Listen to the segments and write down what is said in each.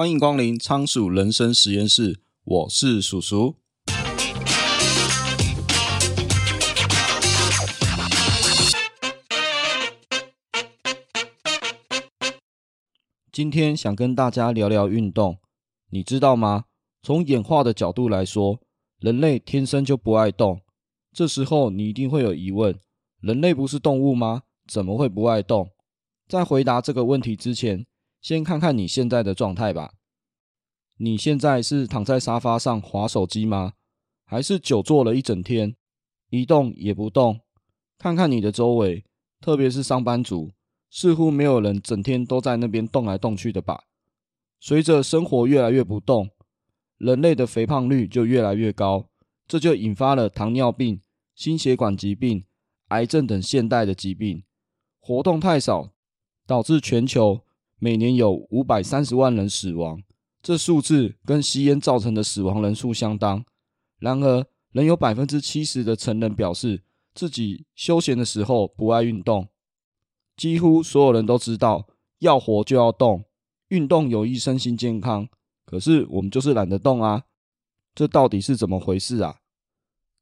歡迎光臨倉鼠人生實驗室，我是鼠鼠。今天想跟大家聊聊運動，你知道嗎？從演化的角度來說，人類天生就不愛動。這時候你一定會有疑問：人類不是動物嗎？怎麼會不愛動？在回答這個問題之前，先看看你現在的狀態吧。你現在是躺在沙發上滑手機嗎？還是久坐了一整天，一動也不動？看看你的周圍，特別是上班族，似乎沒有人整天都在那邊動來動去的吧？隨着生活越來越不動，人類的肥胖率就越來越高，這就引發了糖尿病、心血管疾病、癌症等現代的疾病。活動太少，導致全球。每年有五百三十萬人死亡，這數字跟吸煙造成的死亡人數相當。然而，仍有百分之七十的成人表示自己休閒的時候不愛運動。幾乎所有人都知道要活就要動，運動有益身心健康。可是，我們就是懶得動啊！這到底是怎麼回事啊？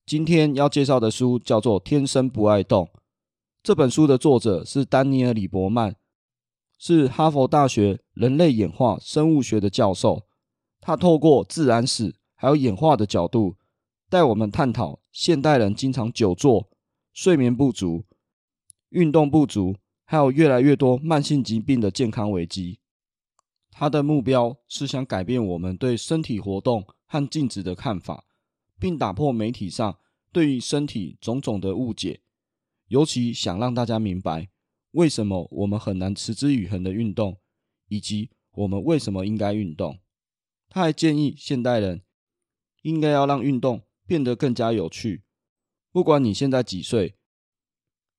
今天要介紹的書叫做《天生不愛動》，這本書的作者是丹尼爾·李伯曼。是哈佛大學人類演化生物學的教授，他透過自然史還有演化的角度，帶我們探討現代人經常久坐、睡眠不足、運動不足，還有越來越多慢性疾病的健康危機。他的目標是想改變我們對身體活動和靜止的看法，並打破媒體上對於身體種種的誤解，尤其想讓大家明白，為什麼我們很難持之以恆的運動，以及我們為什麼應該運動？他還建議現代人應該要讓運動變得更加有趣。不管你現在幾歲，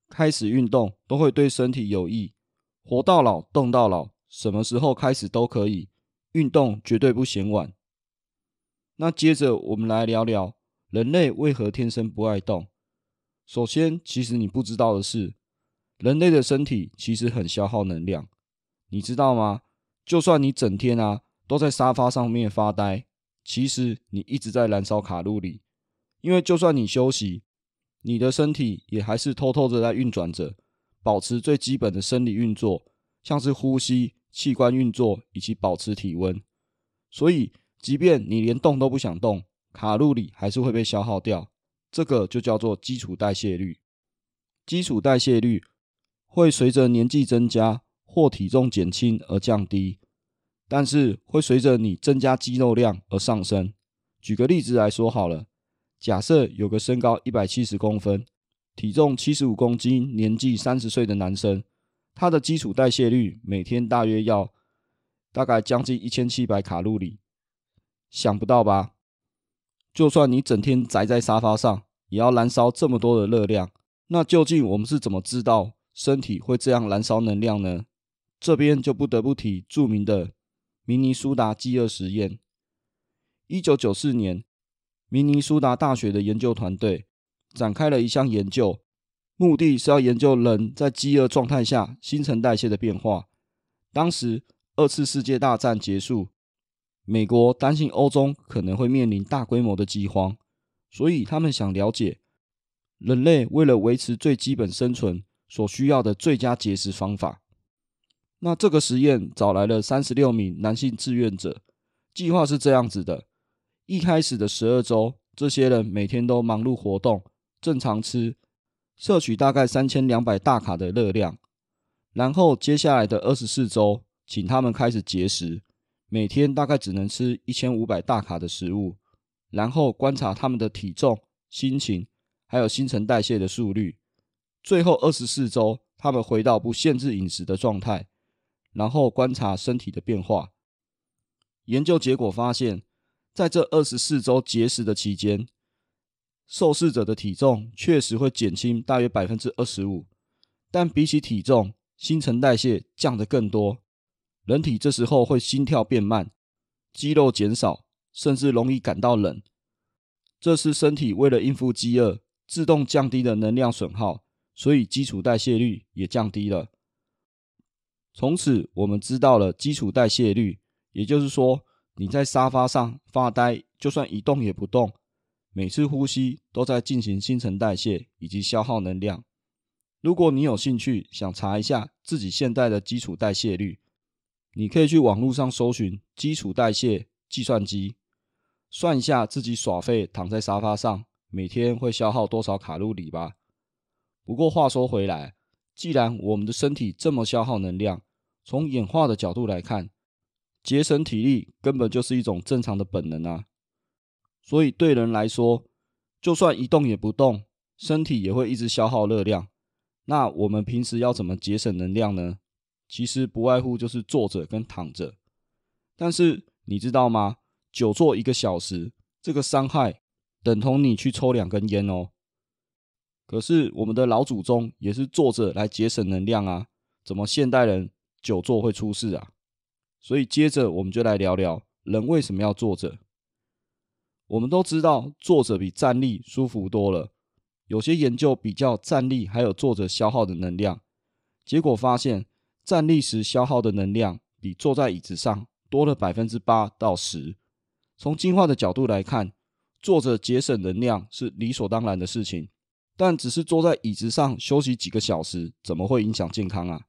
開始運動都會對身體有益。活到老，動到老，什麼時候開始都可以，運動絕對不嫌晚。那接着我們來聊聊人類為何天生不愛動。首先，其實你不知道的是，人類的身體其實很消耗能量，你知道嗎？就算你整天啊都在沙發上面發呆，其實你一直在燃燒卡路里，因為就算你休息，你的身體也還是偷偷的在運轉着，保持最基本的生理運作，像是呼吸、器官運作以及保持體溫。所以，即便你連動都不想動，卡路里還是會被消耗掉。這個就叫做基礎代謝率。基礎代謝率。會隨着年紀增加或體重減輕而降低，但是會隨着你增加肌肉量而上升。舉個例子來說好了，假設有個身高一百七十公分、體重七十五公斤、年紀三十歲的男生，他的基礎代謝率每天大約要大概將近一千七百卡路里。想不到吧？就算你整天宅在沙發上，也要燃燒這麼多的熱量。那究竟我們是怎麼知道身體會這樣燃燒能量呢？這邊就不得不提著名的明尼蘇達飢餓實驗。一九九四年，明尼蘇達大學的研究團隊展開了一項研究，目的是要研究人在飢餓狀態下新陳代謝的變化。當時二次世界大戰結束，美國擔心歐洲可能會面臨大規模的飢荒，所以他們想了解人類為了維持最基本生存。所需要的最佳節食方法。那這個實驗找來了三十六名男性志願者，計劃是這樣子的：一開始的十二周，這些人每天都忙碌活動，正常吃，攝取大概三千兩百大卡的熱量。然後接下來的二十四周，請他們開始節食，每天大概只能吃一千五百大卡的食物，然後觀察他們的體重、心情，還有新陳代謝的速率。最後二十四周，他們回到不限制飲食的狀態，然後觀察身體的變化。研究結果發現，在這二十四周節食的期間，受試者的體重確實會減輕大約百分之二十五，但比起體重，新陳代謝降得更多。人體這時候會心跳變慢，肌肉減少，甚至容易感到冷。這是身體為了應付飢餓，自動降低的能量損耗。所以基礎代謝率也降低了。從此，我們知道了基礎代謝率，也就是說，你在沙發上發呆，就算一動也不動，每次呼吸都在進行新陳代謝以及消耗能量。如果你有興趣想查一下自己現在的基礎代謝率，你可以去網絡上搜尋“基礎代謝”計算機，算一下自己耍廢躺在沙發上每天會消耗多少卡路里吧。不過話說回來，既然我們的身體這麼消耗能量，從演化的角度來看，節省體力根本就是一種正常的本能啊。所以對人來說，就算一動也不動，身體也會一直消耗熱量。那我們平時要怎麼節省能量呢？其實不外乎就是坐着跟躺着。但是你知道嗎？久坐一個小時，這個傷害等同你去抽兩根菸哦。可是我們的老祖宗也是坐着來節省能量啊，怎麼現代人久坐會出事啊？所以接着我們就來聊聊人為什麼要坐着。我們都知道坐着比站立舒服多了。有些研究比較站立還有坐着消耗的能量，結果發現站立時消耗的能量比坐在椅子上多了百分之八到十。從進化的角度來看，坐着節省能量是理所當然的事情。但只是坐在椅子上休息幾個小時，怎麼會影響健康啊？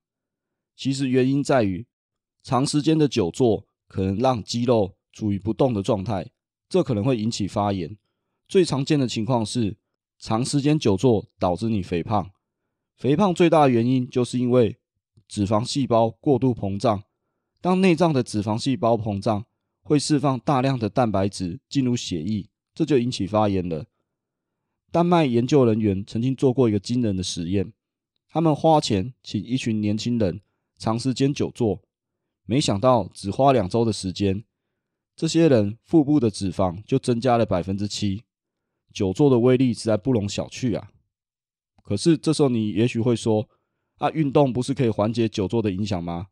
其實原因在於，長時間的久坐可能讓肌肉處於不動的狀態，這可能會引起發炎。最常見的情況是，長時間久坐導致你肥胖。肥胖最大的原因就是因為脂肪細胞過度膨脹，當內臟的脂肪細胞膨脹，會釋放大量的蛋白質進入血液，這就引起發炎了。丹麥研究人員曾經做過一個驚人的實驗，他們花錢請一群年輕人長時間久坐，沒想到只花兩週的時間，這些人腹部的脂肪就增加了百分之七。久坐的威力實在不容小覷啊！可是這時候你也許會說，啊，運動不是可以緩解久坐的影響嗎？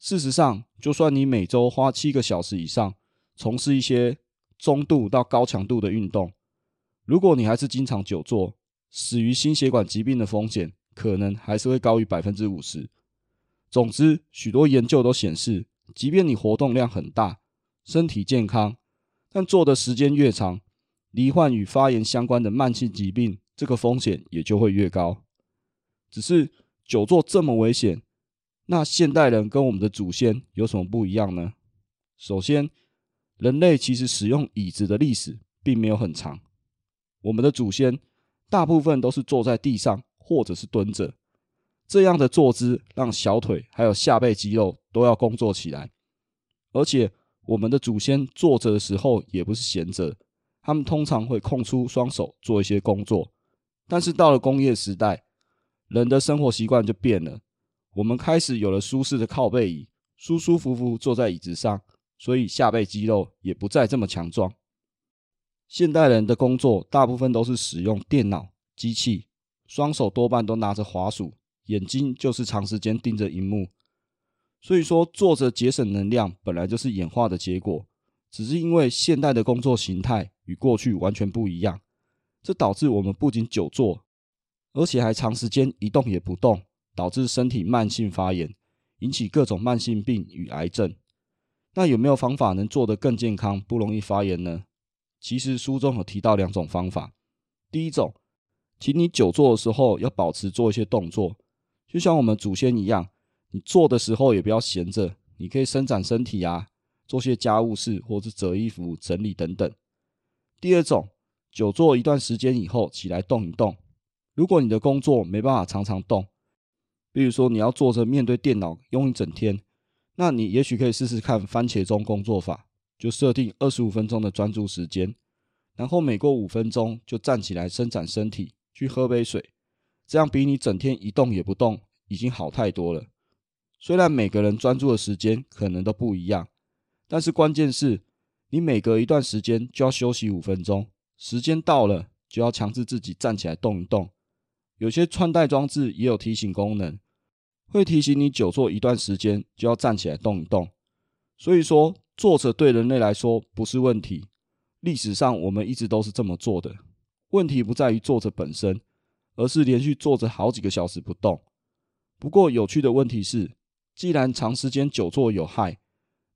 事實上，就算你每週花七個小時以上，從事一些中度到高強度的運動。如果你還是經常久坐，死於心血管疾病的風險可能還是會高於百分之五十。總之，許多研究都顯示，即便你活動量很大、身體健康，但坐的時間越長，罹患與發炎相關的慢性疾病，這個風險也就會越高。只是久坐這麼危險，那現代人跟我們的祖先有什麼不一樣呢？首先，人類其實使用椅子的歷史並沒有很長。我們的祖先大部分都是坐在地上，或者是蹲着，這樣的坐姿讓小腿還有下背肌肉都要工作起來。而且我們的祖先坐着的時候也不是閒着，他們通常會空出雙手做一些工作。但是到了工業時代，人的生活習慣就變了，我們開始有了舒適的靠背椅，舒舒服服坐在椅子上，所以下背肌肉也不再這麼強壯。現代人的工作大部分都是使用電腦、機器，雙手多半都拿着滑鼠，眼睛就是長時間盯着熒幕。所以說，坐着節省能量本來就是演化的結果，只是因為現代的工作形態與過去完全不一樣，這導致我們不僅久坐，而且還長時間一動也不動，導致身體慢性發炎，引起各種慢性病與癌症。那有沒有方法能做得更健康，不容易發炎呢？其實書中有提到兩種方法，第一種，請你久坐的時候要保持做一些動作，就像我們祖先一樣，你坐的時候也不要閒着，你可以伸展身體啊，做些家務事，或者是折衣服、整理等等。第二種，久坐一段時間以後起來動一動。如果你的工作沒辦法常常動，比如說你要坐着面對電腦用一整天，那你也許可以試試看番茄鐘工作法。就設定二十五分鐘的專注時間，然後每過五分鐘就站起來伸展身體，去喝杯水，這樣比你整天一動也不動已經好太多了。雖然每個人專注的時間可能都不一樣，但是關鍵是，你每隔一段時間就要休息五分鐘，時間到了就要強制自己站起來動一動。有些穿戴裝置也有提醒功能，會提醒你久坐一段時間就要站起來動一動。所以說。坐着對人類來說不是問題，歷史上我們一直都是這麼做的。問題不在於坐着本身，而是連續坐着好幾個小時不動。不過有趣的問題是，既然長時間久坐有害，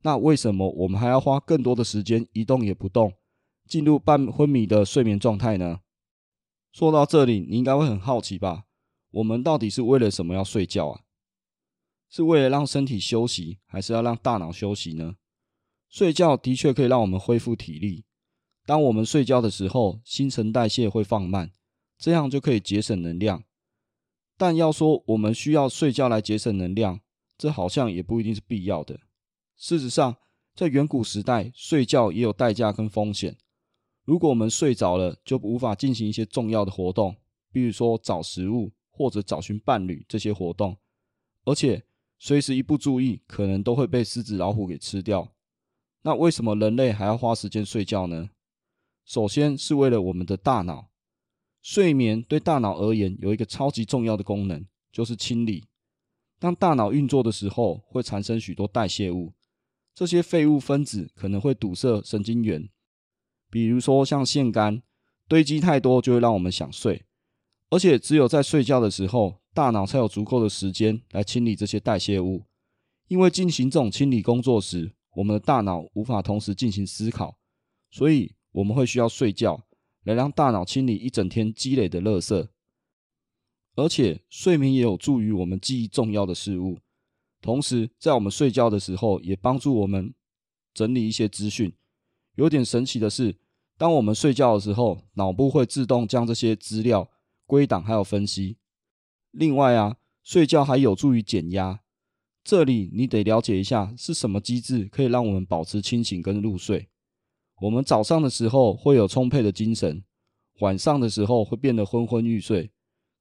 那為什麼我們還要花更多的時間一動也不動，進入半昏迷的睡眠狀態呢？說到這裡，你應該會很好奇吧？我們到底是為了什麼要睡覺啊？是為了讓身體休息，還是要讓大腦休息呢？睡覺的確可以讓我們恢復體力。當我們睡覺的時候，新陳代謝會放慢，這樣就可以節省能量。但要說我們需要睡覺來節省能量，這好像也不一定是必要的。事實上，在遠古時代，睡覺也有代價跟風險。如果我們睡着了，就無法進行一些重要的活動，比如說找食物或者找尋伴侶這些活動。而且，隨時一不注意，可能都會被獅子、老虎給吃掉。那為什麼人類還要花時間睡覺呢？首先是為了我們的大腦，睡眠對大腦而言有一個超級重要的功能，就是清理。當大腦運作的時候，會產生許多代謝物，這些廢物分子可能會堵塞神經元，比如說像腺苷堆積太多，就會讓我們想睡。而且只有在睡覺的時候，大腦才有足夠的時間來清理這些代謝物，因為進行這種清理工作時，我們的大腦無法同時進行思考，所以我們會需要睡覺來讓大腦清理一整天積累的垃圾，而且睡眠也有助於我們記憶重要的事物。同時，在我們睡覺的時候，也幫助我們整理一些資訊。有點神奇的是，當我們睡覺的時候，腦部會自動將這些資料歸檔還有分析。另外啊，睡覺還有助於減壓。這裡你得了解一下是什麼機制可以讓我們保持清醒跟入睡。我們早上的時候會有充沛的精神，晚上的時候會變得昏昏欲睡。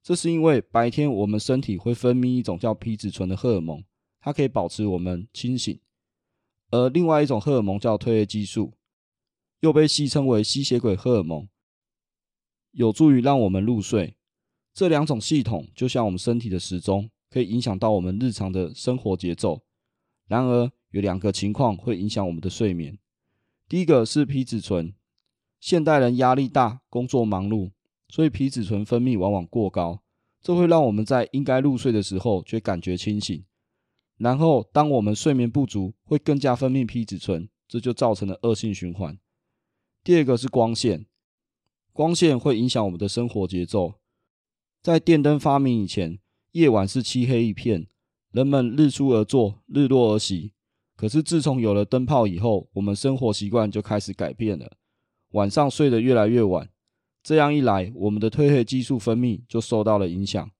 這是因為白天我們身體會分泌一種叫皮質醇的荷爾蒙，它可以保持我們清醒；而另外一種荷爾蒙叫褪黑激素，又被戲稱為吸血鬼荷爾蒙，有助於讓我們入睡。這兩種系統就像我們身體的時鐘。可以影響到我們日常的生活節奏。然而，有兩個情況會影響我們的睡眠。第一個是皮質醇，現代人壓力大、工作忙碌，所以皮質醇分泌往往過高，這會讓我們在應該入睡的時候卻感覺清醒。然後，當我們睡眠不足，會更加分泌皮質醇，這就造成了惡性循環。第二個是光線，光線會影響我們的生活節奏。在電燈發明以前，夜晚是漆黑一片，人們日出而作，日落而息。可是自從有了燈泡以後，我們生活習慣就開始改變了，晚上睡得越來越晚。這樣一來，我們的褪黑激素分泌就受到了影響，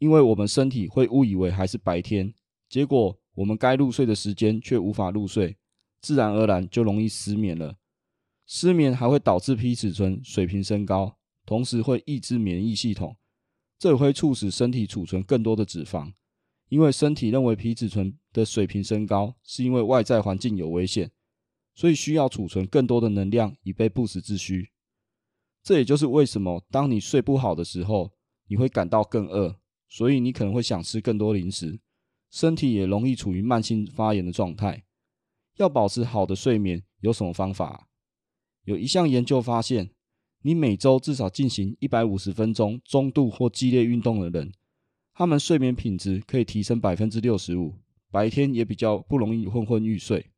因為我們身體會誤以為還是白天，結果我們該入睡的時間卻無法入睡，自然而然就容易失眠了。失眠還會導致皮質醇水平升高，同時會抑制免疫系統。這會促使身體儲存更多的脂肪，因為身體認為皮質醇的水平升高是因為外在環境有危險，所以需要儲存更多的能量以備不時之需。這也就是為什麼當你睡不好的時候，你會感到更餓，所以你可能會想吃更多零食。身體也容易處於慢性發炎的狀態。要保持好的睡眠，有什麼方法？有一項研究發現。你每週至少進行一百五十分鐘中度或激烈運動的人，他們睡眠品質可以提升百分之六十五，白天也比較不容易昏昏欲睡。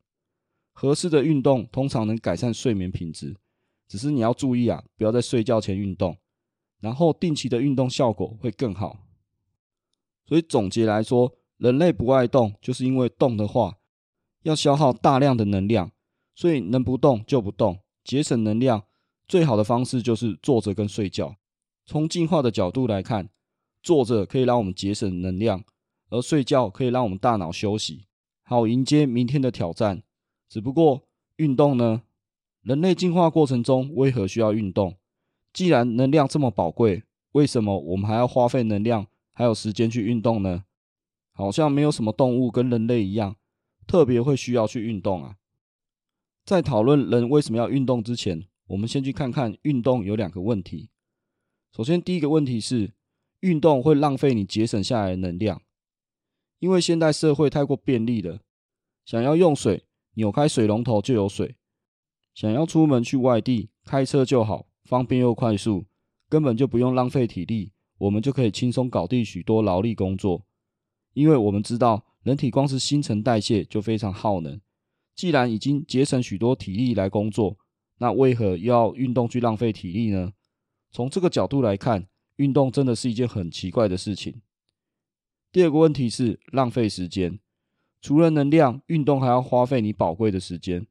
合適的運動通常能改善睡眠品質，只是你要注意啊，不要在睡覺前運動，然後定期的運動效果會更好。所以總結來說，人類不愛動，就是因為動的話要消耗大量的能量，所以能不動就不動，節省能量。最好的方式就是坐着跟睡覺。從進化的角度來看，坐着可以讓我們節省能量，而睡覺可以讓我們大腦休息，好迎接明天的挑戰。只不過運動呢？人類進化過程中為何需要運動？既然能量這麼寶貴，為什麼我們還要花費能量還有時間去運動呢？好像沒有什麼動物跟人類一樣，特別會需要去運動啊。在討論人為什麼要運動之前，我們先去看看運動有兩個問題。首先，第一個問題是運動會浪費你節省下來的能量，因為現代社會太過便利了，想要用水，扭開水龍頭就有水；想要出門去外地，開車就好，方便又快速，根本就不用浪費體力，我們就可以輕鬆搞定許多勞力工作。因為我們知道，人體光是新陳代謝就非常耗能，既然已經節省許多體力來工作，那為何要運動去浪費體力呢？從這個角度來看，運動真的是一件很奇怪的事情。第二個問題是浪費時間，除了能量，運動還要花費你寶貴的時間。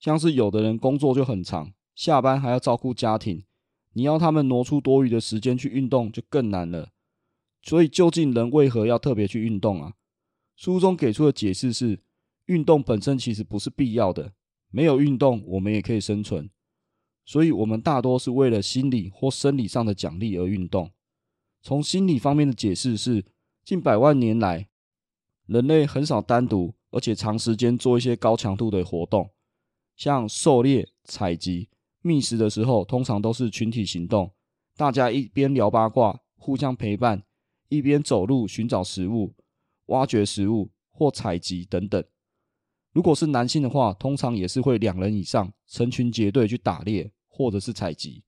像是有的人工作就很長，下班還要照顧家庭，你要他們挪出多餘的時間去運動就更難了。所以究竟人為何要特別去運動啊？書中給出的解釋是，運動本身其實不是必要的。沒有運動，我們也可以生存。所以，我們大多是為了心理或生理上的獎勵而運動。從心理方面的解釋是，近百萬年來，人類很少單獨而且長時間做一些高強度的活動，像狩獵、採集、覓食的時候，通常都是群體行動，大家一邊聊八卦、互相陪伴，一邊走路尋找食物、挖掘食物或採集等等。如果是男性的話，通常也是會兩人以上成群結隊去打獵或者是採集。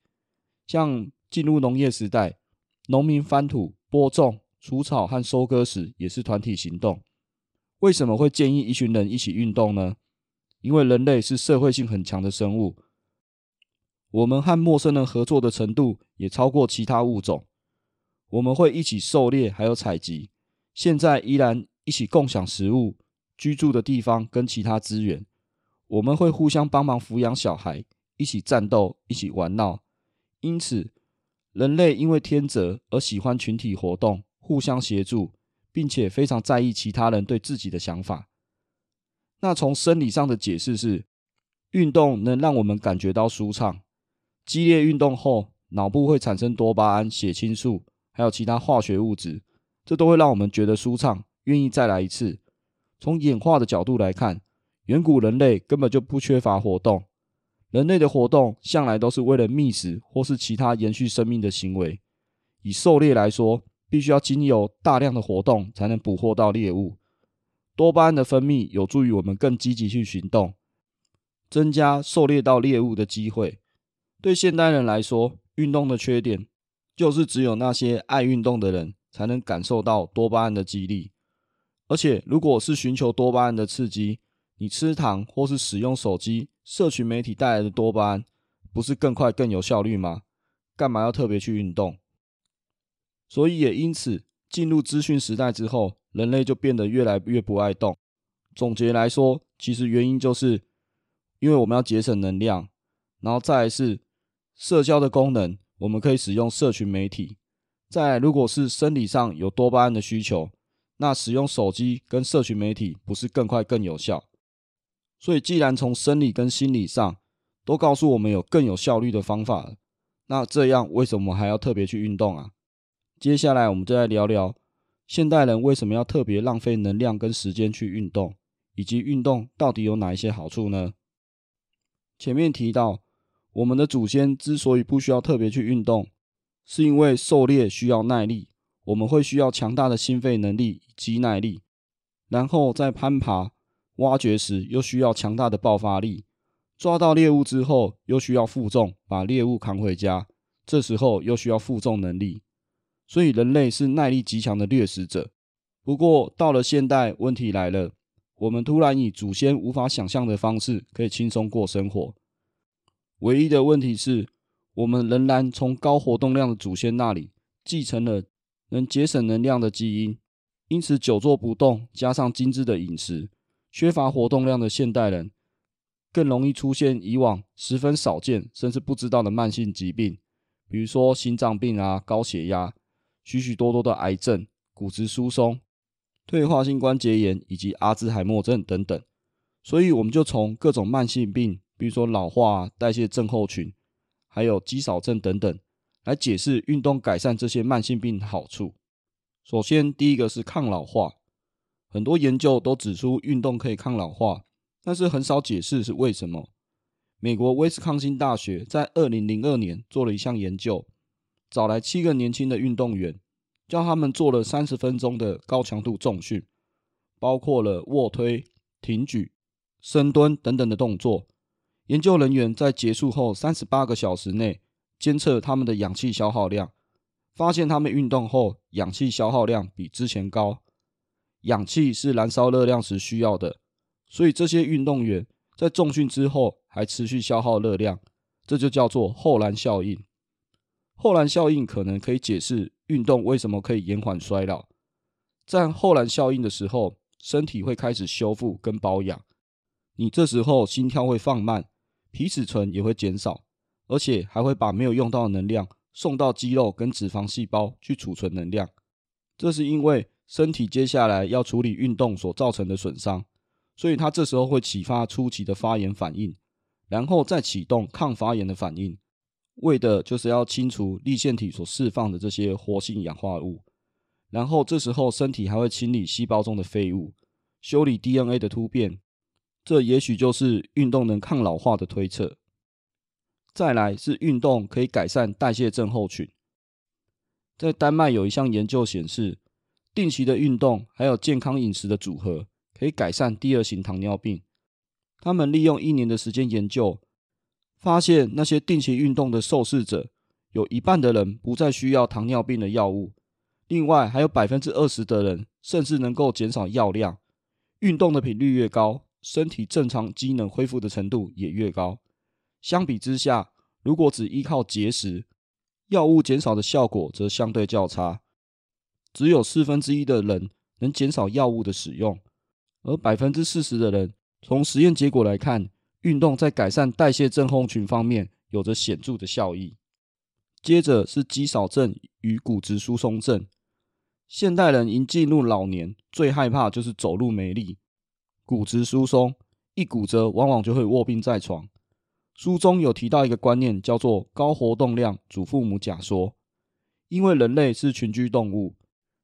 像進入農業時代，農民翻土、播種、除草和收割時，也是團體行動。為什麼會建議一群人一起運動呢？因為人類是社會性很強的生物，我們和陌生人合作的程度也超過其他物種。我們會一起狩獵，還有採集，現在依然一起共享食物。居住的地方跟其他資源，我們會互相幫忙撫養小孩，一起戰鬥，一起玩鬧。因此，人類因為天擇而喜歡群體活動，互相協助，並且非常在意其他人對自己的想法。那從生理上的解釋是，運動能讓我們感覺到舒暢。激烈運動後，腦部會產生多巴胺、血清素，還有其他化學物質，這都會讓我們覺得舒暢，願意再來一次。從演化的角度來看，遠古人類根本就不缺乏活動。人類的活動向來都是為了覓食或是其他延續生命的行為。以狩獵來說，必須要經由大量的活動才能捕獲到獵物。多巴胺的分泌有助於我們更積極去行動，增加狩獵到獵物的機會。對現代人來說，運動的缺點就是只有那些愛運動的人才能感受到多巴胺的激勵。而且，如果是尋求多巴胺的刺激，你吃糖或是使用手機、社群媒體帶來的多巴胺，不是更快更有效率嗎？幹嘛要特別去運動？所以也因此，進入資訊時代之後，人類就變得越來越不愛動。總結來說，其實原因就是，因為我們要節省能量，然後再來是社交的功能，我們可以使用社群媒體。再來，如果是生理上有多巴胺的需求。那使用手機跟社群媒體不是更快更有效？所以既然從生理跟心理上都告訴我們有更有效率的方法了，那這樣為什麼還要特別去運動啊？接下來我們就來聊聊現代人為什麼要特別浪費能量跟時間去運動，以及運動到底有哪一些好處呢？前面提到，我們的祖先之所以不需要特別去運動，是因為狩獵需要耐力。我們會需要強大的心肺能力及耐力，然後在攀爬、挖掘時又需要強大的爆發力；抓到獵物之後又需要負重，把獵物扛回家，這時候又需要負重能力。所以人類是耐力極強的掠食者。不過到了現代，問題來了：我們突然以祖先無法想象的方式可以輕鬆過生活。唯一的問題是，我們仍然從高活動量的祖先那裡繼承了。能節省能量的基因，因此久坐不動加上精緻的飲食，缺乏活動量的現代人，更容易出現以往十分少見甚至不知道的慢性疾病，比如說心臟病啊、高血壓、許許多多的癌症、骨質疏鬆、退化性關節炎以及阿茲海默症等等。所以我們就從各種慢性病，比如說老化啊、代謝症候群，還有肌少症等等。來解釋運動改善這些慢性病的好處。首先，第一個是抗老化，很多研究都指出運動可以抗老化，但是很少解釋是為什麼。美國威斯康星大學在二零零二年做了一項研究，找來七個年輕的運動員，叫他們做了三十分鐘的高強度重訓，包括了臥推、挺舉、深蹲等等的動作。研究人員在結束後三十八個小時內，監測他們的氧氣消耗量，發現他們運動後氧氣消耗量比之前高。氧氣是燃燒熱量時需要的，所以這些運動員在重訓之後還持續消耗熱量，這就叫做後燃效應。後燃效應可能可以解釋運動為什麼可以延緩衰老。在後燃效應的時候，身體會開始修復跟保養，你這時候心跳會放慢，皮脂醇也會減少。而且還會把沒有用到的能量送到肌肉跟脂肪細胞去儲存能量，這是因為身體接下來要處理運動所造成的損傷，所以它這時候會啟發初期的發炎反應，然後再啟動抗發炎的反應，為的就是要清除粒線體所釋放的這些活性氧化物，然後這時候身體還會清理細胞中的廢物，修理 DNA 的突變，這也許就是運動能抗老化的推測。再來是運動可以改善代謝症候群。在丹麥有一項研究顯示，定期的運動還有健康飲食的組合，可以改善第二型糖尿病。他們利用一年的時間研究，發現那些定期運動的受試者，有一半的人不再需要糖尿病的藥物，另外還有百分之二十的人甚至能夠減少藥量。運動的頻率越高，身體正常機能恢復的程度也越高。相比之下，如果只依靠節食，藥物減少的效果則相對較差，只有四分之一的人能減少藥物的使用，而百分之四十的人，從實驗結果來看，運動在改善代謝症候群方面有着顯著的效益。接着是肌少症與骨質疏鬆症。現代人一進入老年，最害怕就是走路沒力，骨質疏鬆，一骨折，往往就會臥病在床。書中有提到一個觀念，叫做“高活動量祖父母假說”。因為人類是群居動物，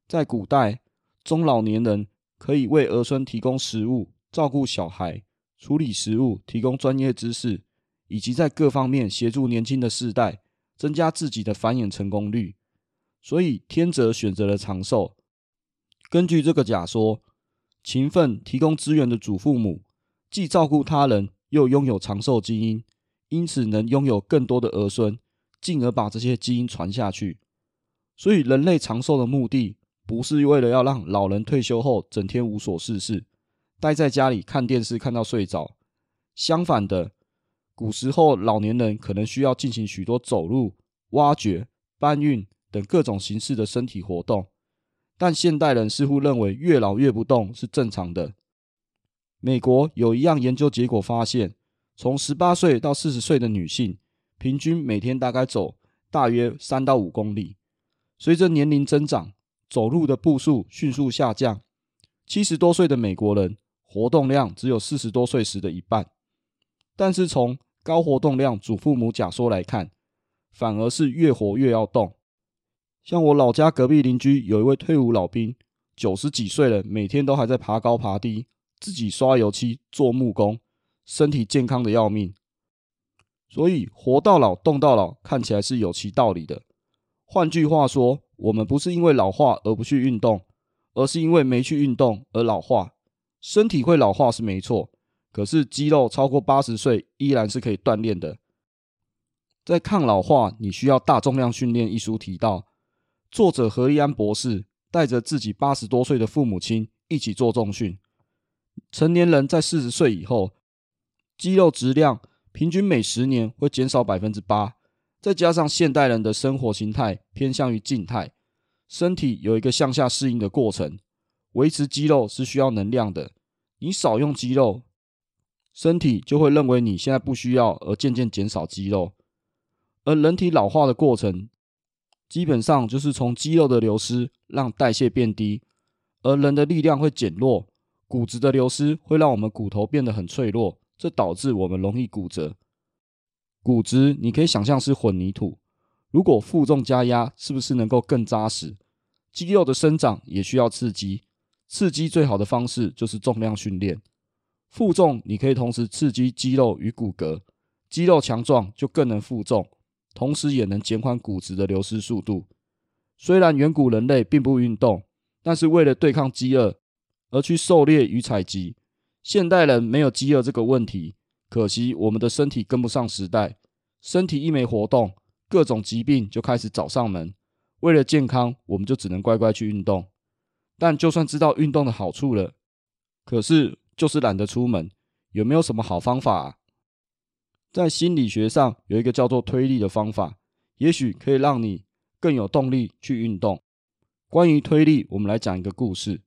在古代，中老年人可以為兒孫提供食物、照顧小孩、處理食物、提供專業知識，以及在各方面協助年輕的世代，增加自己的繁衍成功率。所以，天擇選擇了長壽。根據這個假說，勤奮提供資源的祖父母，既照顧他人，又擁有長壽基因。因此，能擁有更多的兒孫，進而把這些基因傳下去。所以，人類長壽的目的不是為了要讓老人退休後整天無所事事，待在家裡看電視看到睡着。相反的，古時候老年人可能需要進行許多走路、挖掘、搬運等各種形式的身體活動。但現代人似乎認為越老越不動是正常的。美國有一項研究結果發現。從十八歲到四十歲的女性，平均每天大概走大約三到五公里。隨着年齡增長，走路的步數迅速下降。七十多歲的美國人活動量只有四十多歲時的一半。但是從高活動量祖父母假說來看，反而是越活越要動。像我老家隔壁鄰居有一位退伍老兵，九十幾歲了，每天都還在爬高爬低，自己刷油漆、做木工。身體健康的要命，所以活到老動到老看起來是有其道理的。換句話說，我們不是因為老化而不去運動，而是因為沒去運動而老化。身體會老化是沒錯，可是肌肉超過八十歲依然是可以鍛鍊的。在《抗老化你需要大重量訓練》一書提到，作者何立安博士帶着自己八十多歲的父母親一起做重訓。成年人在四十歲以後，肌肉質量平均每十年會減少百分之八，再加上現代人的生活形態偏向於靜態，身體有一個向下適應的過程。維持肌肉是需要能量的，你少用肌肉，身體就會認為你現在不需要，而漸漸減少肌肉。而人體老化的過程，基本上就是從肌肉的流失讓代謝變低，而人的力量會減弱，骨質的流失會讓我們骨頭變得很脆弱。這導致我們容易骨折。骨質你可以想象是混凝土，如果負重加壓，是不是能夠更紮實？肌肉的生長也需要刺激，刺激最好的方式就是重量訓練。負重你可以同時刺激肌肉與骨骼，肌肉強壯就更能負重，同時也能減緩骨質的流失速度。雖然遠古人類並不運動，但是為了對抗飢餓而去狩獵與採集。現代人沒有飢餓這個問題，可惜我們的身體跟不上時代。身體一沒活動，各種疾病就開始找上門。為了健康，我們就只能乖乖去運動。但就算知道運動的好處了，可是就是懶得出門。有沒有什麼好方法啊？在心理學上有一個叫做推力的方法，也許可以讓你更有動力去運動。關於推力，我們來講一個故事。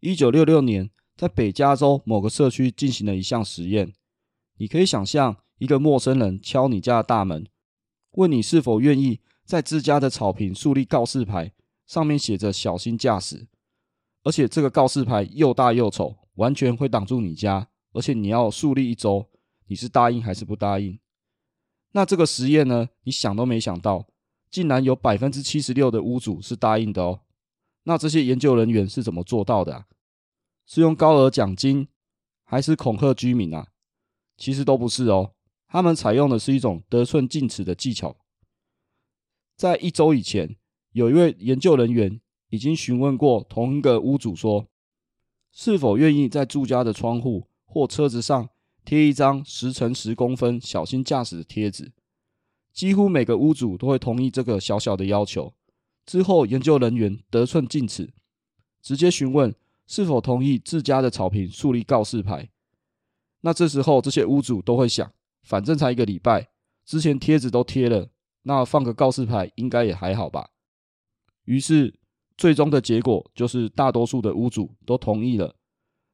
一九六六年。在北加州某個社區進行了一項實驗，你可以想象一個陌生人敲你家的大門，問你是否願意在自家的草坪樹立告示牌，上面寫着“小心駕駛”，而且這個告示牌又大又醜，完全會擋住你家，而且你要樹立一周，你是答應還是不答應？那這個實驗呢？你想都沒想到，竟然有百分之七十六的屋主是答應的哦。那這些研究人員是怎麼做到的啊？是用高額獎金，還是恐嚇居民啊？其實都不是哦，他們採用的是一種得寸進尺的技巧。在一周以前，有一位研究人員已經詢問過同一個屋主說，說是否願意在住家的窗戶或車子上貼一張十乘十公分“小心駕駛”的貼紙。幾乎每個屋主都會同意這個小小的要求。之後，研究人員得寸進尺，直接詢問。是否同意自家的草坪豎立告示牌？那這時候這些屋主都會想，反正才一個禮拜，之前貼紙都貼了，那放個告示牌應該也還好吧。於是最終的結果就是大多數的屋主都同意了。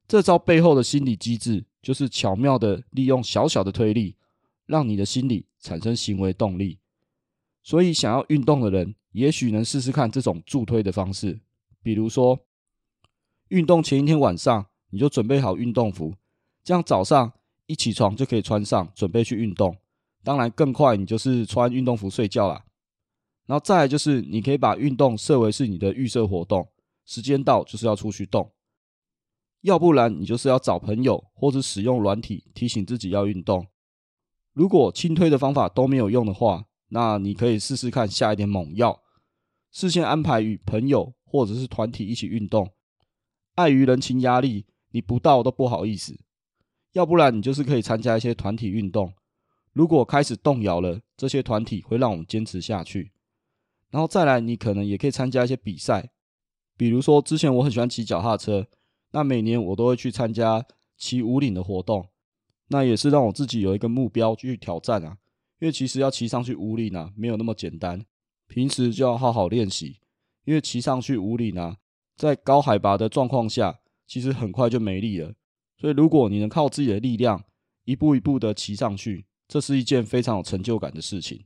這招背後的心理機制就是巧妙地利用小小的推力，讓你的心理產生行為動力。所以想要運動的人，也許能試試看這種助推的方式，比如說。運動前一天晚上，你就準備好運動服，這樣早上一起床就可以穿上，準備去運動。當然更快，你就是穿運動服睡覺啦。然後再來就是，你可以把運動設為是你的預設活動，時間到就是要出去動。要不然你就是要找朋友，或者使用軟體提醒自己要運動。如果輕推的方法都沒有用的話，那你可以試試看下一點猛藥，事先安排與朋友或者是團體一起運動。礙於人情壓力，你不到都不好意思；要不然你就是可以參加一些團體運動。如果開始動搖了，這些團體會讓我們堅持下去。然後再來，你可能也可以參加一些比賽，比如說之前我很喜歡騎腳踏車，那每年我都會去參加騎武嶺的活動，那也是讓我自己有一個目標去挑戰啊。因為其實要騎上去武嶺呢，沒有那麼簡單，平時就要好好練習，因為騎上去武嶺呢。在高海拔的狀況下，其實很快就沒力了。所以，如果你能靠自己的力量，一步一步的騎上去，這是一件非常有成就感的事情。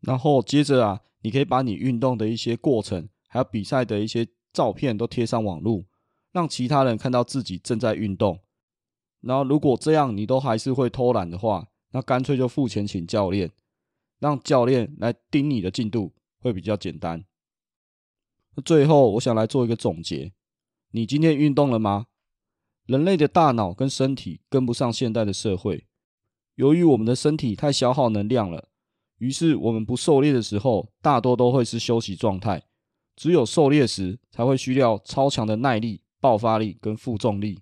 然後接着啊，你可以把你運動的一些過程，還有比賽的一些照片都貼上網絡，讓其他人看到自己正在運動。然後，如果這樣你都還是會偷懶的話，那乾脆就付錢請教練，讓教練來盯你的進度，會比較簡單。最後，我想來做一個總結。你今天運動了嗎？人類的大腦跟身體跟不上現代的社會。由於我們的身體太消耗能量了，於是我們不狩獵的時候，大多都會是休息狀態。只有狩獵時，才會需要超強的耐力、爆發力跟負重力。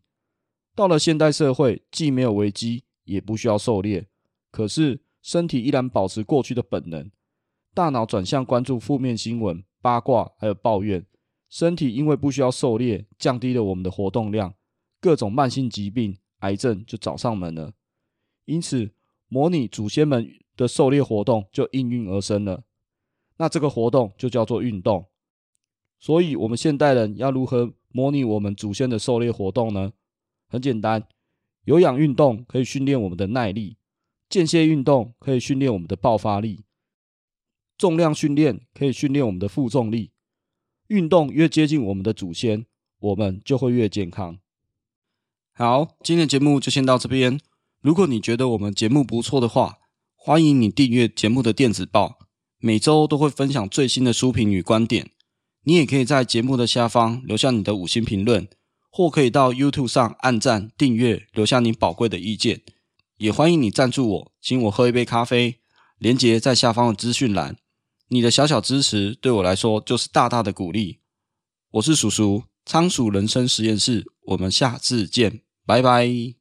到了現代社會，既沒有危機，也不需要狩獵，可是身體依然保持過去的本能，大腦轉向關注負面新聞。八卦還有抱怨，身體因為不需要狩獵，降低了我們的活動量，各種慢性疾病、癌症就找上門了。因此，模擬祖先們的狩獵活動就應運而生了。那這個活動就叫做運動。所以，我們現代人要如何模擬我們祖先的狩獵活動呢？很簡單，有氧運動可以訓練我們的耐力，間歇運動可以訓練我們的爆發力。重量訓練可以訓練我們的負重力。運動越接近我們的祖先，我們就會越健康。好，今天的節目就先到這邊。如果你覺得我們節目不錯的話，歡迎你訂閱節目的電子報，每周都會分享最新的書評與觀點。你也可以在節目的下方留下你的五星評論，或可以到 YouTube 上按讚、訂閱，留下你寶貴的意見。也歡迎你贊助我，請我喝一杯咖啡，連接在下方的資訊欄。你的小小支持對我來說就是大大的鼓勵。我是叔叔，倉鼠人生實驗室，我們下次見，拜拜。